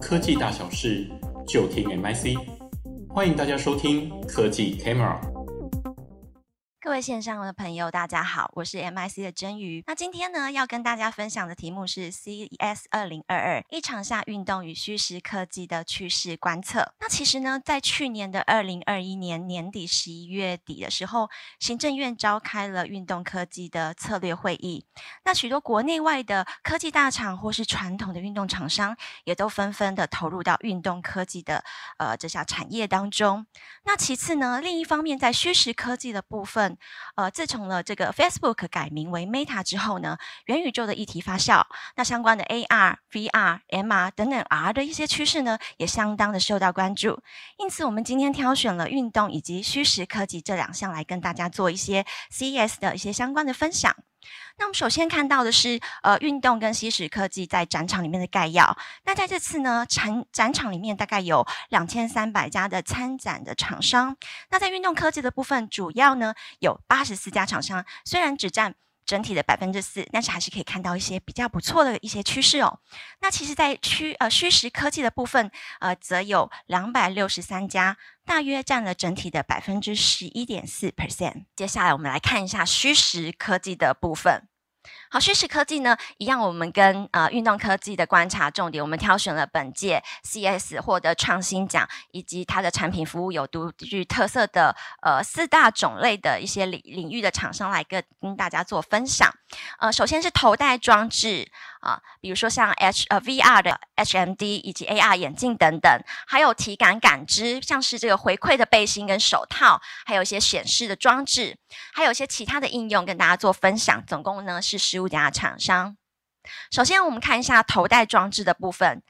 科技大小事，就聽 MIC。歡迎大家收聽科技 Camera。各位線上的朋友，大家好，我是 MIC 的真瑜。那今天呢，要跟大家分享的題目是 CES 二零二二疫常下運動與虛實科技的趨勢觀測。那其實呢，在去年的二零二一年年底十一月底的時候，行政院召開了運動科技的策略會議。那許多國內外的科技大廠或是傳統的運動廠商，也都紛紛的投入到運動科技的呃這項產業當中。那其次呢，另一方面在虛實科技的部分。呃，自從了這個 Facebook 改名為 Meta 之後呢，元宇宙的議題發酵，那相關的 AR、VR、MR 等等 R 的一些趨勢呢，也相當的受到關注。因此，我們今天挑選了運動以及虛實科技這兩項來跟大家做一些 CES 的一些相關的分享。那我們首先看到的是，呃，運動跟虛實科技在展場裡面的概要。那在這次呢，展展場裡面大概有兩千三百家的參展的廠商。那在運動科技的部分，主要呢有八十四家廠商，雖然只佔，整體的百分之四，但是還是可以看到一些比較不錯的一些趨勢哦。那其實在，在區呃虛實科技的部分，呃，則有兩百六十三家，大約佔了整體的百分之十一點四 percent。接下來，我們來看一下虛實科技的部分。好，虛實科技呢，一樣，我們跟呃運動科技的觀察重點，我們挑選了本屆 CES 獲得創新獎以及它的產品服務有獨具特色的呃四大種類的一些領領域的廠商來跟跟大家做分享。呃，首先是頭戴裝置啊，呃，比如說像 H 呃 VR 的 HMD 以及 AR 眼鏡等等，還有體感感知，像是這個回饋的背心跟手套，還有一些顯示的裝置，還有一些其他的應用跟大家做分享。總共呢是十。VR 廠商，首先我們看一下頭戴裝置的部分，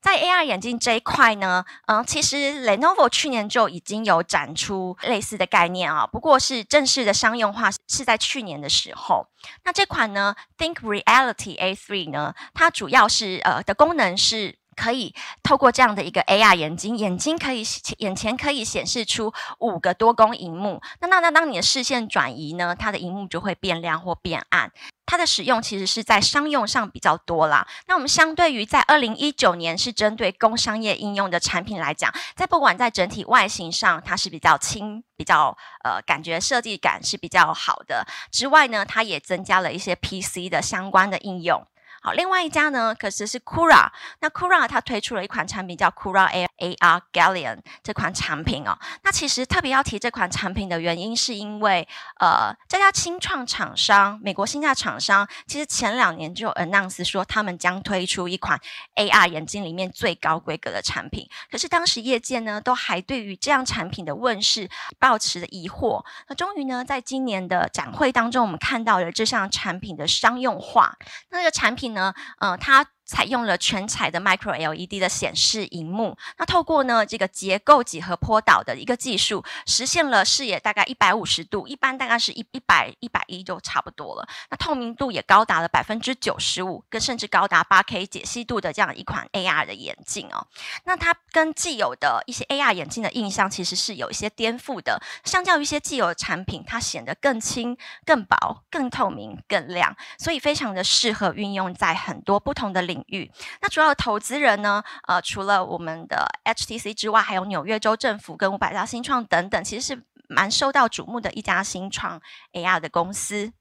在 AR 眼鏡這一塊呢，嗯、呃，其實 Lenovo 去年就已經有展出類似的概念啊、哦，不過是正式的商用化是在去年的時候。那這款呢，ThinkReality A3 呢，它主要是呃的功能是。可以透過這樣的一個 AR 眼鏡，眼睛可以眼前可以顯示出五個多工熒幕。那那那當你的視線轉移呢，它的熒幕就會變亮或變暗。它的使用其實是在商用上比較多啦。那我們相對於在二零一九年是針對工商業應用的產品來講，在不管在整體外形上，它是比較輕，比較呃感覺設計感是比較好的。之外呢，它也增加了一些 PC 的相關的應用。好，另外一家呢，可是是 Kura 那 Kura 它推出了一款產品，叫 Kura AR Galleon 這款產品哦。那其實特別要提這款產品的原因，是因為呃這家新創廠商，美國新創廠商，其實前兩年就有 announce 說他們將推出一款 AR 眼鏡裡面最高規格的產品，可是當時業界呢都還對於這樣產品的問世抱持著疑惑。那終於呢，在今年的展會當中，我們看到了這項產品的商用化。那這個產品。呢、呃，嗯，它採用了全彩的 micro LED 的顯示熒幕，那透過呢這個結構幾何波導的一個技術，實現了視野大概一百五十度，一般大概是一一百一百一就差不多了。那透明度也高達了百分之九十五，跟甚至高達八 K 解析度的這樣一款 AR 的眼鏡哦。那它跟既有的一些 AR 眼鏡的印象其實是有一些顛覆的，相較於一些既有的產品，它顯得更輕、更薄、更透明、更亮，所以非常的適合運用在很多不同的領域。領域，那主要投資人呢？呃，除了我們的 HTC 之外，還有紐約州政府跟五百家新創等等，其實是蠻受到矚目的一家新創 AR 的公司。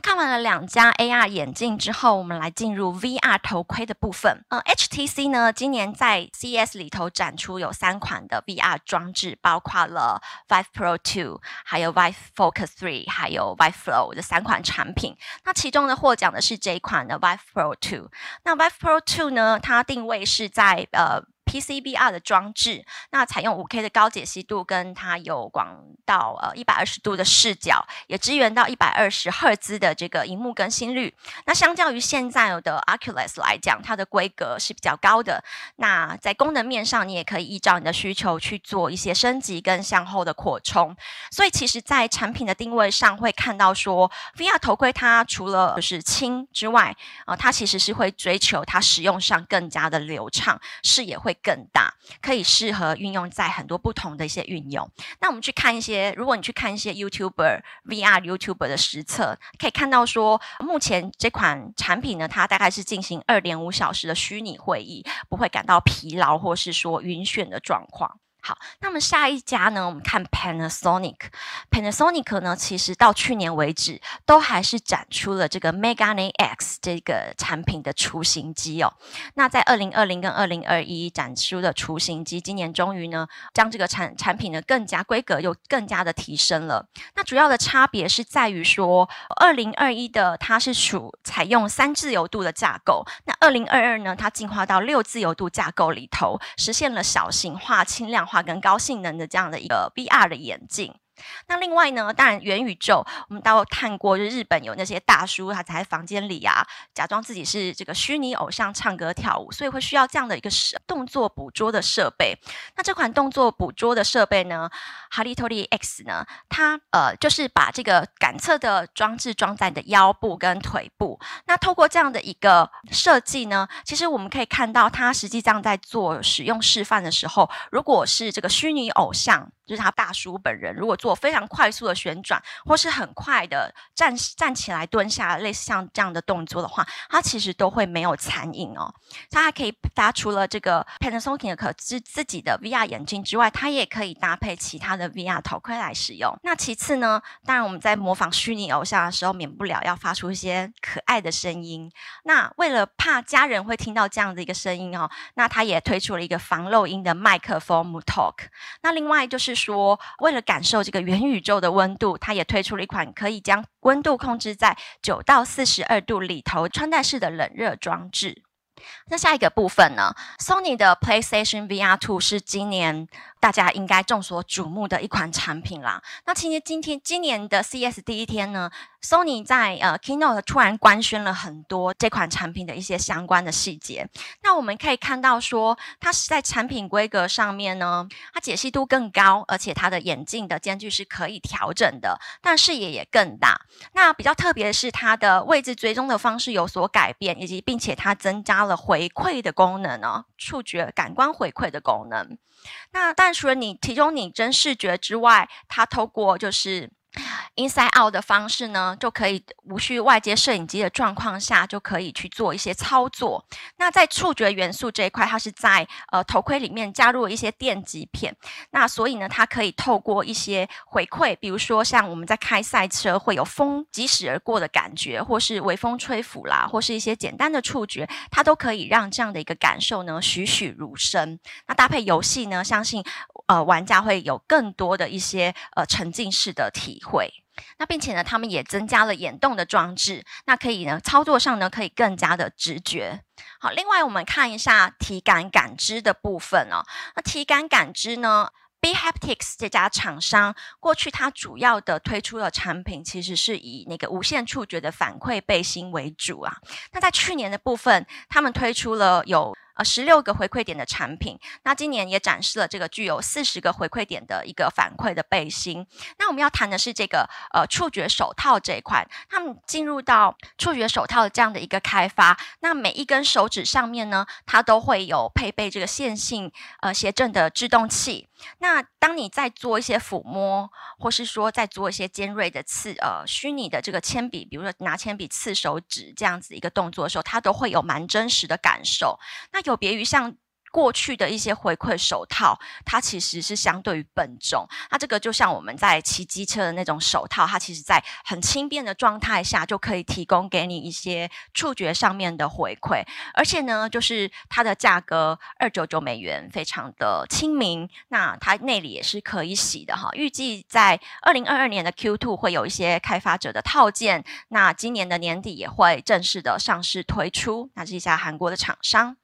看完了兩家 AR 眼鏡之後，我們來進入 VR 頭盔的部分。嗯、呃，HTC 呢，今年在 CES 裡頭展出有三款的 VR 裝置，包括了 Vive Pro 2，還有 Vive Focus 3，還有 Vive Flow 這三款產品。那其中呢，獲獎的是這一款的 Vive Pro 2。那 Vive Pro 2呢，它定位是在呃。PCVR 的裝置，那採用 5K 的高解析度，跟它有廣到呃120度的視角，也支援到一百二十赫茲的這個熒幕更新率。那相較於現在的 Oculus 來講，它的規格是比較高的。那在功能面上，你也可以依照你的需求去做一些升級跟向後的擴充。所以其實，在產品的定位上，會看到說 VR 頭盔它除了就是輕之外，啊、呃，它其實是會追求它使用上更加的流暢，視野會。更大，可以適合運用在很多不同的一些運用。那我們去看一些，如果你去看一些 YouTuber, VR YouTuber 的實測，可以看到說，目前這款產品呢，它大概是進行二點五小時的虛擬會議，不會感到疲勞或是說暈眩的狀況。好，那麼下一家呢？我們看 Panasonic。Panasonic 呢，其實到去年為止，都還是展出了這個 MeganeX 這個產品的雛形機哦。那在二零二零跟二零二一展出的雛形機，今年終於呢，將這個產產品呢更加規格又更加的提升了。那主要的差別是在於說，二零二一的它是屬採用三自由度的架構，那二零二二呢，它進化到六自由度架構裡頭，實現了小型化、輕量化。跟高性能的這樣的一個 VR 的眼鏡。那另外呢，當然元宇宙，我們都看過，就日本有那些大叔，他在房間裡啊，假裝自己是這個虛擬偶像唱歌跳舞，所以會需要這樣的一個設動作捕捉的設備。那這款動作捕捉的設備呢，HaritoraX 呢，它，呃就是把這個感測的裝置裝在你的腰部跟腿部。那透過這樣的一個設計呢，其實我們可以看到，它實際上在做使用示範的時候，如果是這個虛擬偶像。就是他大叔本人，如果做非常快速的旋轉，或是很快的站站起來、蹲下，類似像這樣的動作的話，他其實都會沒有殘影哦。他還可以搭，除了這個 Panasonic 的自自己的 VR 眼鏡之外，他也可以搭配其他的 VR 頭盔來使用。那其次呢，當然我們在模仿虛擬偶像的時候，免不了要發出一些可愛的聲音。那為了怕家人會聽到這樣的一個聲音哦，那他也推出了一個防漏音的麥克風 Talk。那另外就是。就是、說，為了感受這個元宇宙的溫度，它也推出了一款可以將溫度控制在九到四十二度裡頭，穿戴式的冷熱裝置。那下一個部分呢？Sony 的 PlayStation VR2 是今年大家應該眾所矚目的一款產品啦。那其實今天今，今年的 CES 第一天呢，Sony 在呃 Keynote 突然官宣了很多這款產品的一些相關的細節。那我們可以看到說，它是在產品規格上面呢，它解析度更高，而且它的眼鏡的間距是可以調整的，但視野也更大。那比較特別的是，它的位置追蹤的方式有所改變，以及並且它增加了。回饋的功能呢，觸覺、感官回饋的功能。那但除了你提供你真視覺之外，它透過就是。Inside Out 的方式呢，就可以無需外接攝影機的狀況下，就可以去做一些操作。那在觸覺元素這一塊，它是在呃頭盔裡面加入了一些電極片，那所以呢，它可以透過一些回饋，比如說像我們在開賽車會有風疾駛而過的感覺，或是微風吹拂啦，或是一些簡單的觸覺，它都可以讓這樣的一個感受呢栩栩如生。那搭配遊戲呢，相信呃玩家會有更多的一些呃沉浸式的體驗。會，那並且呢，他們也增加了眼動的裝置，那可以呢，操作上呢可以更加的直覺。好，另外我們看一下體感感知的部分哦。那體感感知呢，B Haptics 這家廠商過去它主要的推出的產品，其實是以那個無線觸覺的反饋背心為主啊。那在去年的部分，他們推出了有。呃、十六個回饋點的產品，那今年也展示了這個具有四十個回饋點的一個反饋的背心。那我們要談的是這個呃觸覺手套這一款，他們進入到觸覺手套這樣的一個開發，那每一根手指上面呢，它都會有配備這個線性呃諧振的制動器。那當你在做一些撫摸，或是說在做一些尖銳的刺，呃，虛擬的這個鉛筆，比如說拿鉛筆刺手指這樣子一個動作的時候，它都會有蠻真實的感受。那有別於像過去的一些回饋手套，它其實是相對於笨重。那這個就像我們在騎機車的那種手套，它其實在很輕便的狀態下就可以提供給你一些觸覺上面的回饋。而且呢，就是它的價格二九九美元，非常的親民。那它內裡也是可以洗的哈。預計在二零二二年的 Q2 會有一些開發者的套件。那今年的年底也會正式的上市推出。那是一家韓國的廠商。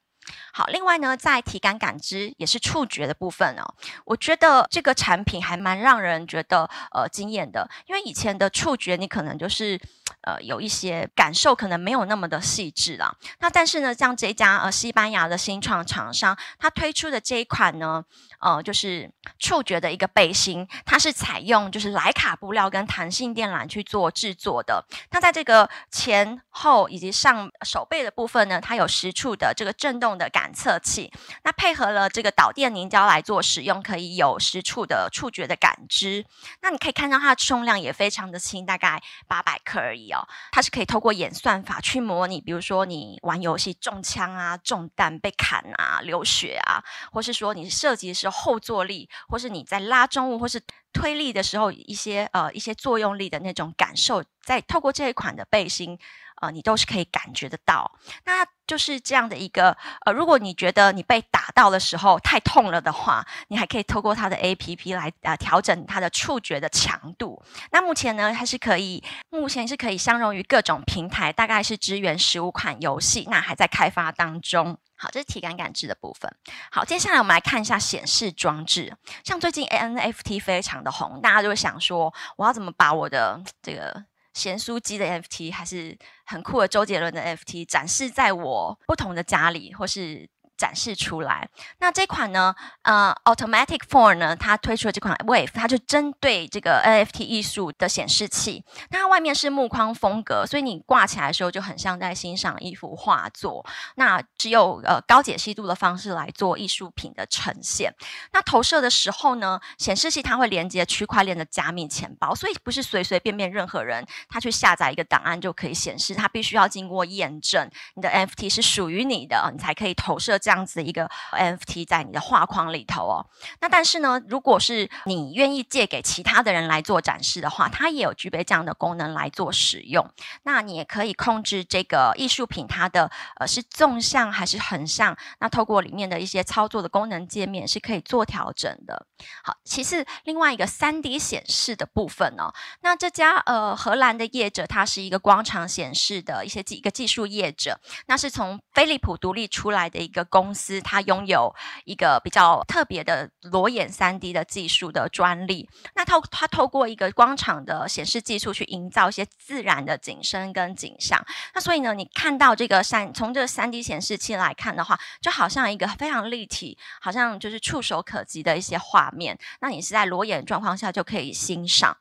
好，另外呢，在體感感知也是觸覺的部分哦，我覺得這個產品還蠻讓人覺得呃驚豔的，因為以前的觸覺你可能就是呃有一些感受可能沒有那麼的細致啦。那但是呢，像這一家呃西班牙的新創廠商，它推出的這一款呢，呃就是觸覺的一個背心，它是採用就是萊卡布料跟彈性電纜去做制作的。那在這個前後以及上手背的部分呢，它有十處的這個震動。的感測器，那配合了這個導電凝膠來做使用，可以有實處的觸覺的感知。那你可以看到它的重量也非常的輕，大概八百克而已哦。它是可以透過演算法，去模擬，比如說你玩遊戲中槍啊、中彈被砍啊、流血啊，或是說你射擊的時候後座力，或是你在拉重物或是推力的時候一些呃一些作用力的那種感受，在透過這一款的背心。啊、呃，你都是可以感覺得到，那就是這樣的一個呃，如果你覺得你被打到的時候太痛了的話，你還可以透過它的 APP 來呃調整它的觸覺的強度。那目前呢，它是可以，目前是可以相容於各種平台，大概是支援十五款遊戲，那還在開發當中。好，這是體感感知的部分。好，接下來我們來看一下顯示裝置，像最近 NFT 非常的紅，大家就會想說，我要怎麼把我的這個。鹹酥雞的 NFT 還是很酷的，周杰倫的 NFT 展示在我不同的家裡，或是。展示出來。那這款呢，呃，Automatic Four 呢？它推出了這款 Wave，它就針對這個 NFT 藝術的顯示器。那它外面是木框風格，所以你掛起來的時候就很像在欣賞一幅畫作。那只有呃高解析度的方式來做藝術品的呈現。那投射的時候呢，顯示器它會連接區塊鏈的加密錢包，所以不是隨隨便便任何人他去下載一個檔案就可以顯示，他必須要經過驗證，你的 NFT 是屬於你的，你才可以投射。這樣子一個 NFT 在你的畫框裡頭哦，那但是呢，如果是你願意借給其他的人來做展示的話，它也有具備這樣的功能來做使用。那你也可以控制這個藝術品它的呃是縱向還是橫向，那透過裡面的一些操作的功能界面是可以做調整的。好，其次另外一個三 D 顯示的部分哦，那這家呃荷蘭的業者他是一個光場顯示的一些技一個技術業者，那是從飛利浦獨立出來的一個工公司它擁有一個比較特別的裸眼三 D 的技術的專利，那透它，它透過一個光場的顯示技術去營造一些自然的景深跟景象。那所以呢，你看到這個三從這個三 D 顯示器來看的話，就好像一個非常立體，好像就是觸手可及的一些畫面，那你是在裸眼狀況下就可以欣賞。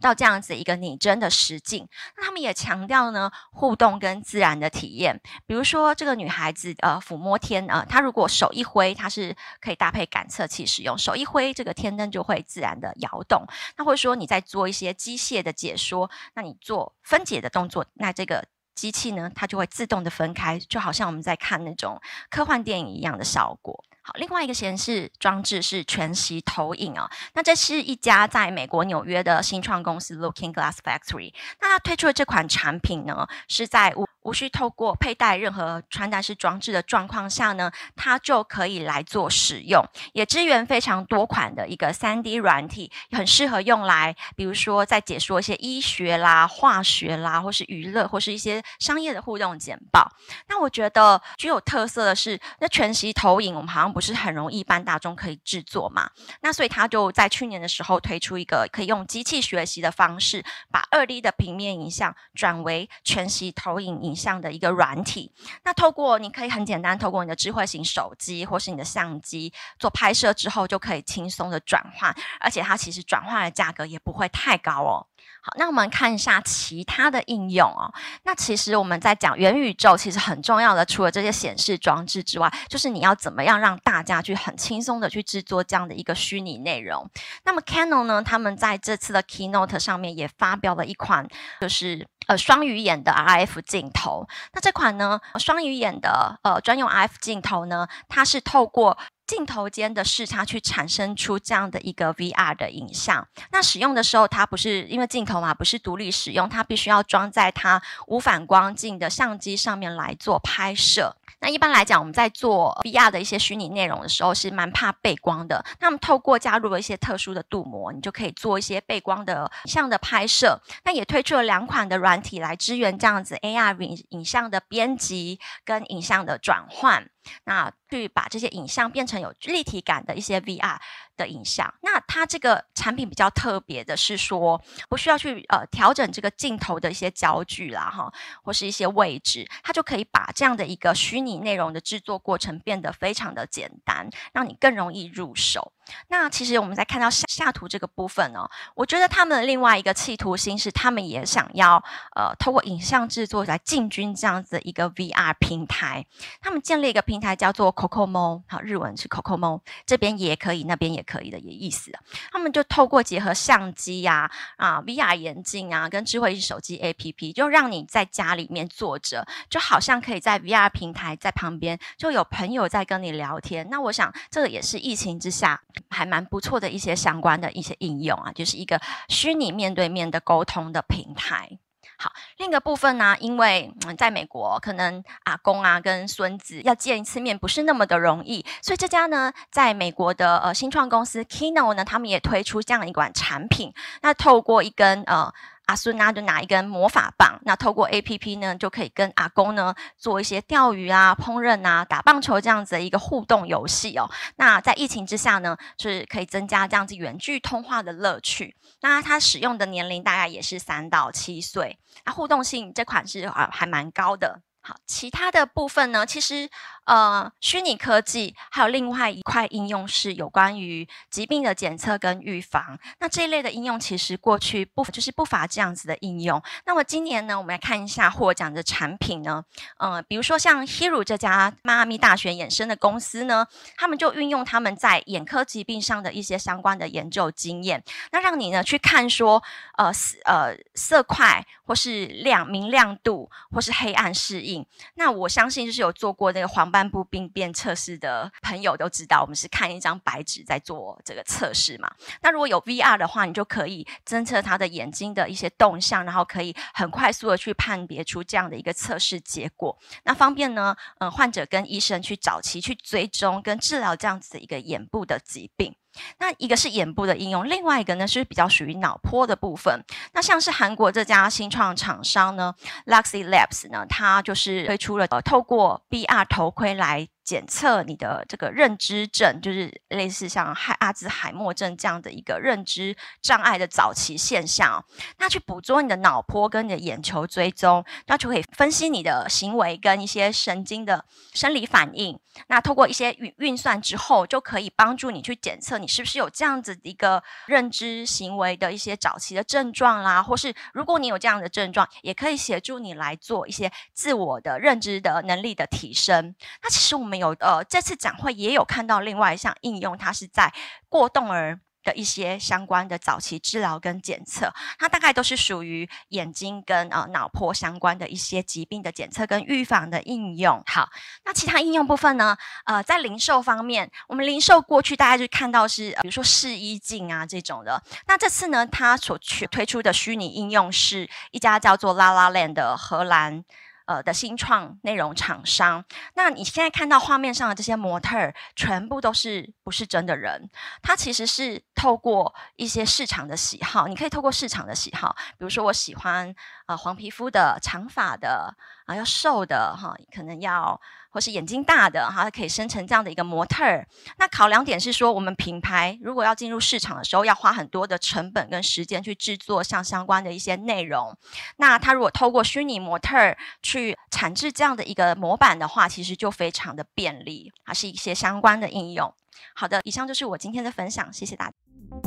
到這樣子一個擬真的實境，那他們也強調呢，互動跟自然的體驗。比如說這個女孩子呃撫摸天呃，她如果手一揮，它是可以搭配感測器使用，手一揮這個天燈就會自然的搖動。那或者說你在做一些機械的解說，那你做分解的動作，那這個機器呢，它就會自動的分開，就好像我們在看那種科幻電影一樣的效果。另外一個顯示裝置是全息投影哦、啊，那這是一家在美國紐約的新創公司 Looking Glass Factory，那他推出的這款產品呢，是在。無需透過佩戴任何穿戴式裝置的狀況下呢，它就可以來做使用，也支援非常多款的一個 3D 軟體，很適合用來，比如說在解說一些醫學啦、化學啦，或是娛樂或是一些商業的互動簡報。那我覺得具有特色的是，那全息投影我們好像不是很容易一般大眾可以製作嘛，那所以它就在去年的時候推出一個可以用機器學習的方式，把 2D 的平面影像轉為全息投影影。影像的一個軟體，那透過你可以很簡單，透過你的智慧型手機或是你的相機做拍攝之後，就可以輕鬆的轉換，而且它其實轉換的價格也不會太高哦。好，那我們看一下其他的應用哦。那其實我們在講元宇宙，其實很重要的，除了這些顯示裝置之外，就是你要怎麼樣讓大家去很輕鬆的去制作這樣的一個虛擬內容。那麼 Canon 呢，他們在這次的 Keynote 上面也發表了一款，就是呃雙魚眼的 RF 鏡頭。那這款呢，雙魚眼的呃專用 RF 鏡頭呢，它是透過。鏡頭間的視差去產生出這樣的一個 VR 的影像。那使用的時候，它不是因為鏡頭嘛，不是獨立使用，它必須要裝在它無反光鏡的相機上面來做拍攝。那一般來講，我們在做 VR 的一些虛擬內容的時候，是蠻怕背光的。那麼透過加入了一些特殊的鍍膜，你就可以做一些背光的像的拍攝。那也推出了兩款的軟體來支援這樣子 AR 影影像的編輯跟影像的轉換。那去把這些影像變成有立體感的一些 VR。的影像，那它這個產品比較特別的是說，不需要去呃調整這個鏡頭的一些焦距啦，哈、哦，或是一些位置，它就可以把這樣的一個虛擬內容的制作過程變得非常的簡單，讓你更容易入手。那其實我們在看到下，下圖這個部分呢、哦，我覺得他們另外一個企圖心是，他們也想要呃透過影像製作來進軍這樣子一個 VR 平台，他們建立一個平台叫做 Kokomo 好，日文是 Kokomo 這邊也可以，那邊也可以。可以的，也意思。他們就透過結合相機呀、啊、啊 VR 眼鏡啊，跟智慧手機 APP，就讓你在家裡面坐着，就好像可以在 VR 平台在旁邊，就有朋友在跟你聊天。那我想，這個也是疫情之下還蠻不錯的一些相關的一些應用啊，就是一個虛擬面對面的溝通的平台。好，另一個部分呢啊，因為嗯，在美國，可能阿公啊跟孫子要見一次面不是那麼的容易，所以這家呢，在美國的呃新創公司 Kino 呢，他們也推出這樣一款產品，那透過一根呃。阿孫啊，就拿一根魔法棒，那透過 APP 呢，就可以跟阿公呢做一些釣魚啊、烹飪啊、打棒球這樣子的一個互動遊戲哦。那在疫情之下呢，就是可以增加這樣子遠距通話的樂趣。那它使用的年齡大概也是三到七歲，那互動性這款是啊還蠻高的。好，其他的部分呢，其實。呃，虛擬科技還有另外一塊應用是有關於疾病的檢測跟預防。那這一類的應用其實過去不就是不乏這樣子的應用。那麼今年呢，我們來看一下獲獎的產品呢。嗯、呃，比如說像 Hero 這家邁阿密大學衍生的公司呢，他們就運用他們在眼科疾病上的一些相關的研究經驗，那讓你呢去看說，呃，呃色呃色塊或是亮明亮度或是黑暗適應。那我相信就是有做過那個黃斑。眼部病變測試的朋友都知道，我們是看一張白紙在做這個測試嘛？那如果有 VR 的話，你就可以偵測他的眼睛的一些動向，然後可以很快速的去判別出這樣的一個測試結果，那方便呢，嗯、呃，患者跟醫生去早期去追蹤跟治療這樣子的一個眼部的疾病。那一個是眼部的應用，另外一個呢是比較屬於腦波的部分。那像是韓國這家新創廠商呢，Luxy Labs 呢，它就是推出了呃，透過 VR 頭盔來，檢測你的這個認知症，就是類似像海阿茲海默症這樣的一個認知障礙的早期現象。那去捕捉你的腦波跟你的眼球追蹤，那就可以分析你的行為跟一些神經的生理反應。那透過一些運運算之後，就可以幫助你去檢測你是不是有這樣子的一個認知行為的一些早期的症狀啦。或是如果你有這樣的症狀，也可以協助你來做一些自我的認知的能力的提升。那其實我們。有呃，這次展會也有看到另外一項應用，它是在過動兒的一些相關的早期治療跟檢測，它大概都是屬於眼睛跟呃腦波相關的一些疾病的檢測跟預防的應用。好，那其他應用部分呢？呃，在零售方面，我們零售過去大家就看到是，呃、比如說試衣鏡啊這種的。那這次呢，它所推推出的虛擬應用是一家叫做 Lala Land 的荷蘭。呃，的新創內容廠商，那你現在看到畫面上的這些模特兒，全部都是不是真的人？他其實是透過一些市場的喜好，你可以透過市場的喜好，比如說我喜歡啊、呃、黃皮膚的、長髮的啊、呃，要瘦的哈、呃，可能要。或是眼睛大的哈，它可以生成這樣的一個模特兒。那考量點是說，我們品牌如果要進入市場的時候，要花很多的成本跟時間去製作像相關的一些內容。那它如果透過虛擬模特兒去產製這樣的一個模板的話，其實就非常的便利，還是一些相關的應用。好的，以上就是我今天的分享，謝謝大家。嗯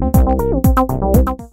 嗯嗯嗯嗯